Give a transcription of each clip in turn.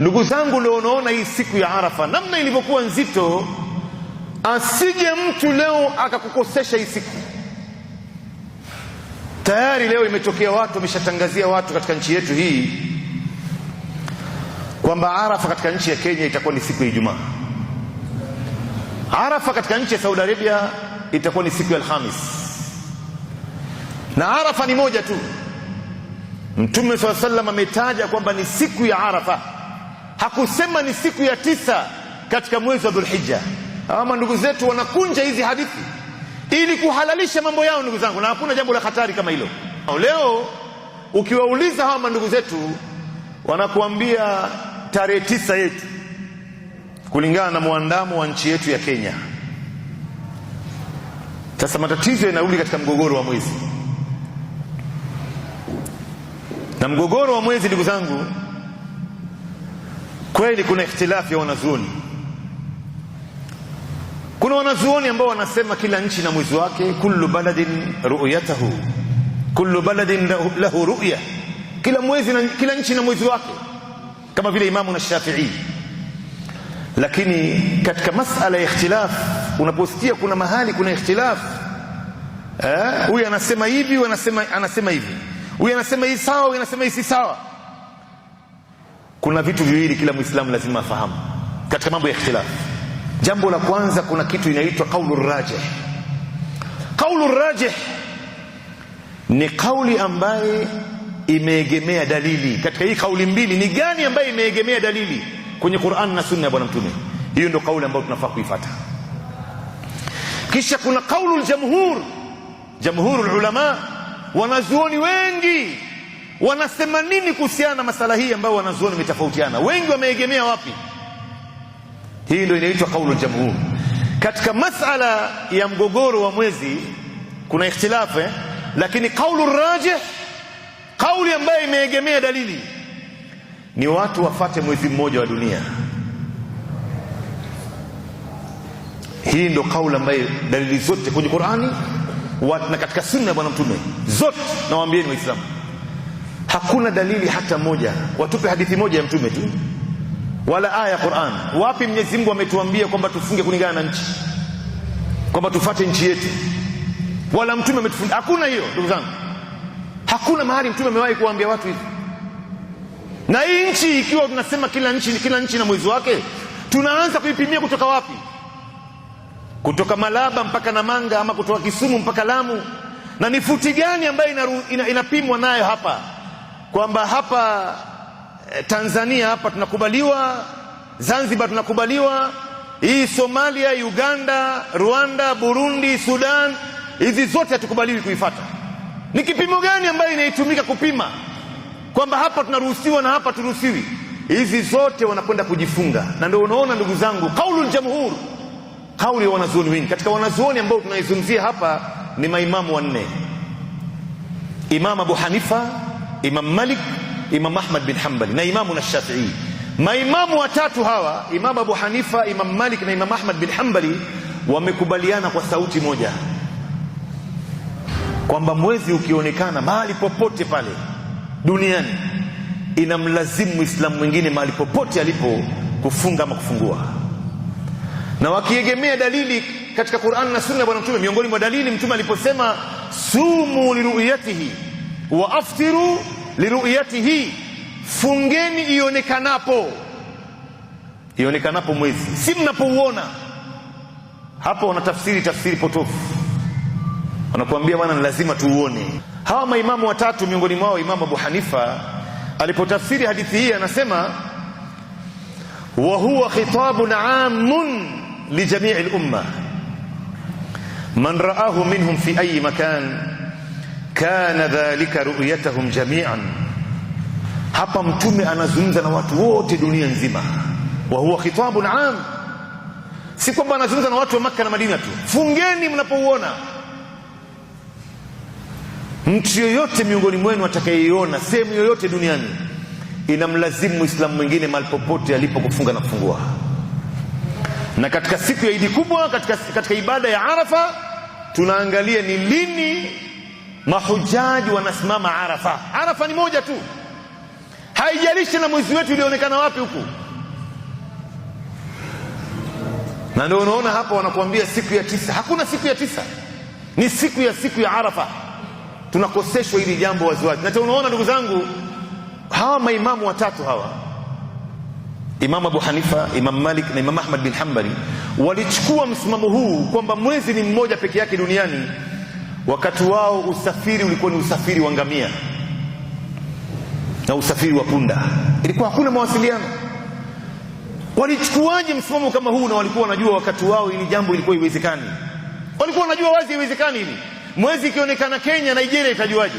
Ndugu zangu, leo unaona hii siku ya Arafa namna ilivyokuwa nzito, asije mtu leo akakukosesha hii siku. Tayari leo imetokea watu wameshatangazia watu katika nchi yetu hii kwamba Arafa katika nchi ya Kenya itakuwa ni siku ya Ijumaa, Arafa katika nchi ya Saudi Arabia itakuwa ni siku ya Alhamis, na Arafa ni moja tu. Mtume swalla sallam ametaja kwamba ni siku ya Arafa hakusema ni siku ya tisa katika mwezi wa Dhulhijja. Ama ndugu zetu wanakunja hizi hadithi ili kuhalalisha mambo yao, ndugu zangu, na hakuna jambo la hatari kama hilo. Leo ukiwauliza hawa mandugu zetu wanakuambia tarehe tisa yetu kulingana na mwandamo wa nchi yetu ya Kenya. Sasa matatizo yanarudi katika mgogoro wa mwezi, na mgogoro wa mwezi ndugu zangu kweli kuna ikhtilafu ya wanazuoni kuna wanazuoni ambao wanasema kila nchi na mwezi wake kullu baladin ru'yatahu kullu baladin lahu ru'ya kila mwezi na, kila nchi na mwezi wake kama vile imamu na shafii lakini katika masala ya ikhtilaf unaposikia kuna mahali kuna ikhtilaf eh, huyu eh, anasema hivi anasema anasema hivi huyu anasema hii sawa huyu anasema hii si sawa kuna vitu viwili kila Muislamu lazima afahamu katika mambo ya ikhtilaf. Jambo la kwanza, kuna kitu inaitwa qaulu rajih. Qaulu rajih ni kauli ambaye imeegemea dalili. Katika hii kauli mbili, ni gani ambaye imeegemea dalili kwenye Qur'an na Sunna ya Bwana Mtume? Hiyo ndio kauli ambayo tunafaa kuifuata. Kisha kuna qaulu ljamhur, jamhurul ulama, wanazuoni wengi wanasema nini kuhusiana na masala hii ambayo wanazuoni wametofautiana? Wengi wameegemea wapi? Hii ndio inaitwa kaulu jamhur. Katika masala ya mgogoro wa mwezi kuna ikhtilafu, eh? lakini kaulu rajih, kauli ambayo imeegemea dalili ni watu wafate mwezi mmoja wa dunia. Hii ndio kauli ambayo dalili zote kwenye Qur'ani na katika sunna ya Bwana Mtume zote, nawaambieni Waislamu Hakuna dalili hata moja, watupe hadithi moja ya mtume tu, wala aya ya Qur'an. Wapi Mwenyezi Mungu ametuambia kwamba tufunge kulingana na nchi, kwamba tufate nchi yetu? Wala mtume ametufundisha, hakuna hiyo. Ndugu zangu, hakuna mahali mtume amewahi kuwaambia watu hivi. Na hii nchi ikiwa tunasema kila nchi kila nchi na mwezi wake, tunaanza kuipimia kutoka wapi? Kutoka Malaba mpaka Namanga, ama kutoka Kisumu mpaka Lamu? Na ni futi gani ambayo inapimwa ina, ina nayo hapa? kwamba hapa eh, Tanzania hapa tunakubaliwa, Zanzibar tunakubaliwa, hii Somalia, Uganda, Rwanda, Burundi, Sudan, hizi zote hatukubaliwi kuifata. Ni kipimo gani ambayo inaitumika kupima kwamba hapa tunaruhusiwa na hapa turuhusiwi? Hizi zote wanakwenda kujifunga, na ndio unaona ndugu zangu, kaulu ljamhur, kauli ya wanazuoni wengi. Katika wanazuoni ambao tunaizungumzia hapa ni maimamu wanne, Imam Abu Hanifa Imam Malik, Imam Ahmad bin Hanbali na Imamu na Shafi'i. Maimamu watatu hawa, Imam Abu Hanifa, Imam Malik na Imam Ahmad bin Hanbali, wamekubaliana kwa sauti moja kwamba mwezi ukionekana mahali popote pale duniani inamlazimu Muislamu mwingine mahali popote alipo kufunga ama kufungua, na wakiegemea dalili katika Qur'an na Sunna Bwana Mtume. Miongoni mwa dalili Mtume aliposema sumu liruyatihi wa aftiru liruyatihi, fungeni ionekanapo, ionekanapo mwezi, si mnapouona. Hapo wanatafsiri tafsiri potofu, wanakuambia bwana, ni lazima tuuone. Hawa maimamu watatu, miongoni mwao Imamu Abu Hanifa alipotafsiri hadithi hii anasema wa huwa khitabun amun lijamii lumma man raahu minhum fi ayi makan kana dhalika ru'yatahum jami'an hapa mtume anazungumza na watu wote dunia nzima wa huwa khitabun am si kwamba anazungumza na watu wa Makka na Madina tu fungeni mnapouona mtu yoyote miongoni mwenu atakayeiona sehemu yoyote duniani inamlazimu muislamu mwingine mahali popote alipo kufunga na kufungua na katika siku ya idi kubwa katika, katika ibada ya arafa tunaangalia ni lini mahujaji wanasimama Arafa. Arafa ni moja tu, haijalishi na mwezi wetu ulionekana wapi huku. Na ndio unaona hapa wanakuambia siku ya tisa. Hakuna siku ya tisa, ni siku ya siku ya Arafa. Tunakoseshwa hili jambo waziwazi, na unaona ndugu zangu, hawa maimamu watatu hawa Imam Abu Hanifa, Imam Malik na Imam Ahmad bin Hanbali walichukua msimamo huu kwamba mwezi ni mmoja peke yake duniani Wakati wao usafiri ulikuwa ni usafiri wa ngamia na usafiri wa punda, ilikuwa hakuna mawasiliano. Walichukuaje msimamo kama huu? Na walikuwa wanajua wakati wao ili jambo ilikuwa iwezekani, walikuwa wanajua wazi iwezekani hili. Mwezi ikionekana Kenya, Nigeria itajuaje?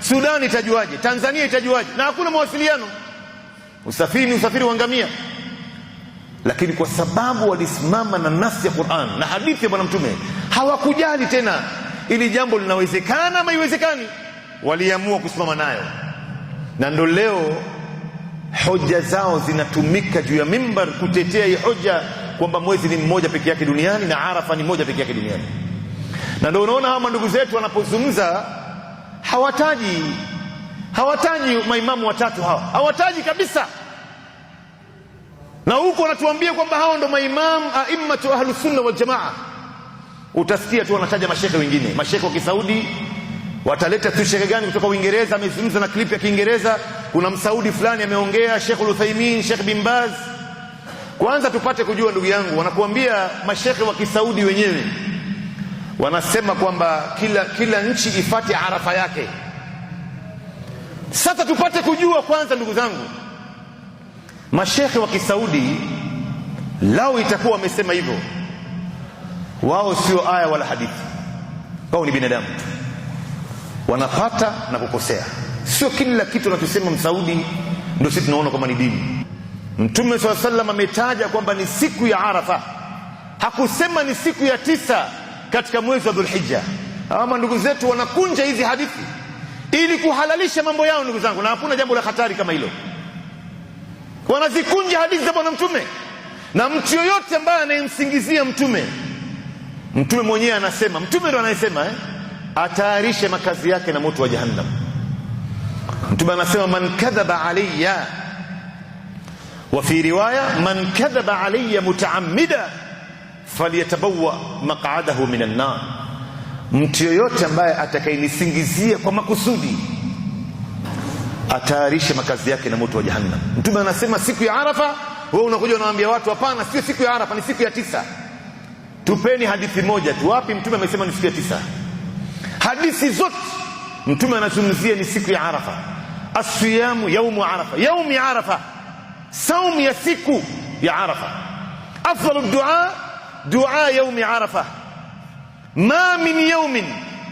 Sudan itajuaje? Tanzania itajuaje? Na hakuna mawasiliano. Usafiri ni usafiri wa ngamia, lakini kwa sababu walisimama na nafsi ya Qur'an na hadithi ya Bwana Mtume hawakujali tena ili jambo linawezekana ama iwezekani, waliamua kusimama nayo, na ndo leo hoja zao zinatumika juu ya mimbar kutetea hii hoja kwamba mwezi ni mmoja peke yake duniani na Arafa ni mmoja peke yake duniani. Na ndio unaona hawa ndugu zetu wanapozungumza hawataji hawataji maimamu watatu hawa, hawataji kabisa, na huko wanatuambia kwamba hawa ndo maimamu aimatu ahlusunna waljamaa utasikia tu wanataja mashehe wengine, mashehe wa Kisaudi wataleta tu shehe gani kutoka Uingereza amezungumza na klipu ya Kiingereza, kuna msaudi fulani ameongea, Sheikh Luthaimin, Sheikh bin Baz. Kwanza tupate kujua, ndugu yangu, wanakuambia mashehe wa Kisaudi wenyewe wanasema kwamba kila, kila nchi ifate arafa yake. Sasa tupate kujua kwanza, ndugu zangu, mashehe wa Kisaudi lao itakuwa wamesema hivyo wao sio aya wala hadithi, wao ni binadamu, wanapata na kukosea. Sio kila kitu anachosema msaudi ndio sisi tunaona kwamba ni dini. Mtume swalla sallam ametaja kwamba ni siku ya Arafa, hakusema ni siku ya tisa katika mwezi wa Dhulhijja. Ama ndugu zetu wanakunja hizi hadithi ili kuhalalisha mambo yao. Ndugu zangu, na hakuna jambo la hatari kama hilo. Wanazikunja hadithi za Bwana Mtume, na mtu yoyote ambaye anayemsingizia Mtume Mtume mwenyewe anasema, mtume ndo anayesema eh, atayarishe makazi yake na moto wa Jahannam. Mtume anasema man kadhaba alayya, wa fi riwaya man kadhaba alayya mutaammida falyatabawa maq'adahu min nar, mtu yoyote ambaye atakayenisingizia kwa makusudi atayarishe makazi yake na moto wa Jahannam. Mtume anasema siku ya Arafa, wewe unakuja unawaambia watu hapana, sio siku ya Arafa, ni siku ya tisa tupeni hadithi moja tu wapi mtume amesema ni siku ya tisa hadithi zote mtume anazungumzia ni siku ya arafa asiyamu yaumu arafa yaumi arafa saumu ya siku ya arafa afdalu dua dua yaumi arafa ma min yaumin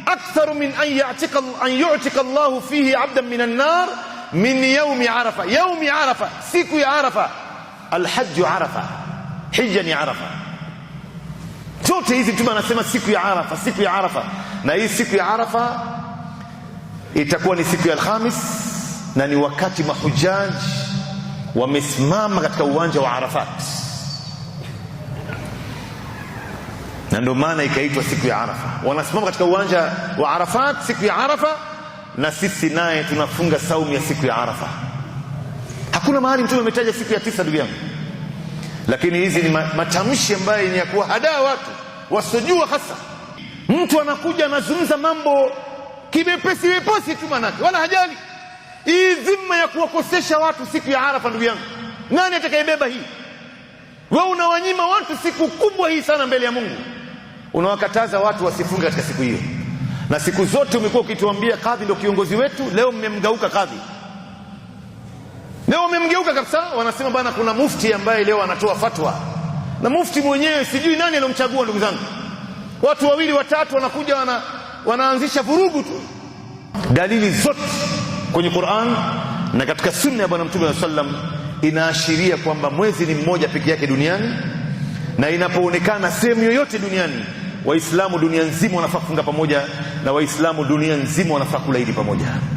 اكثر من ان يعتق ان يعتق الله فيه عبدا من النار من يوم عرفه يوم عرفه سيكو عرفه الحج عرفه حجا عرفه Zote hizi Mtume anasema siku ya Arafa, siku ya Arafa. Na hii siku ya Arafa itakuwa ni siku ya Alhamis na ni wakati mahujaji wamesimama katika uwanja wa Arafat, na ndio maana ikaitwa siku ya Arafa. Wanasimama katika uwanja wa Arafat siku ya Arafa, na sisi naye tunafunga saumu ya siku ya Arafa. Hakuna mahali Mtume ametaja siku ya tisa, ndugu yangu lakini hizi ni matamshi ambayo yenye ya kuwahadaa watu wasiojua. Hasa mtu anakuja anazungumza mambo kimepesi wepesi tu, manake wala hajali hii dhima ya kuwakosesha watu siku ya Arafa. Ndugu yangu, nani atakayebeba hii? We unawanyima watu siku kubwa hii sana mbele ya Mungu, unawakataza watu wasifunge katika siku hiyo. Na siku zote umekuwa ukituambia kadhi ndio kiongozi wetu, leo mmemgauka kadhi. Leo wamemgeuka kabisa, wanasema bana, kuna mufti ambaye leo anatoa fatwa, na mufti mwenyewe sijui nani alomchagua. Ndugu zangu, watu wawili watatu wanakuja wana, wanaanzisha vurugu tu. Dalili zote kwenye Qur'an na katika sunna ya Bwana Mtume sallallahu alaihi inaashiria kwamba mwezi ni mmoja peke yake duniani, na inapoonekana sehemu yoyote duniani, Waislamu dunia nzima wanafaa kufunga pamoja, na Waislamu dunia nzima wanafaa kula Idi pamoja.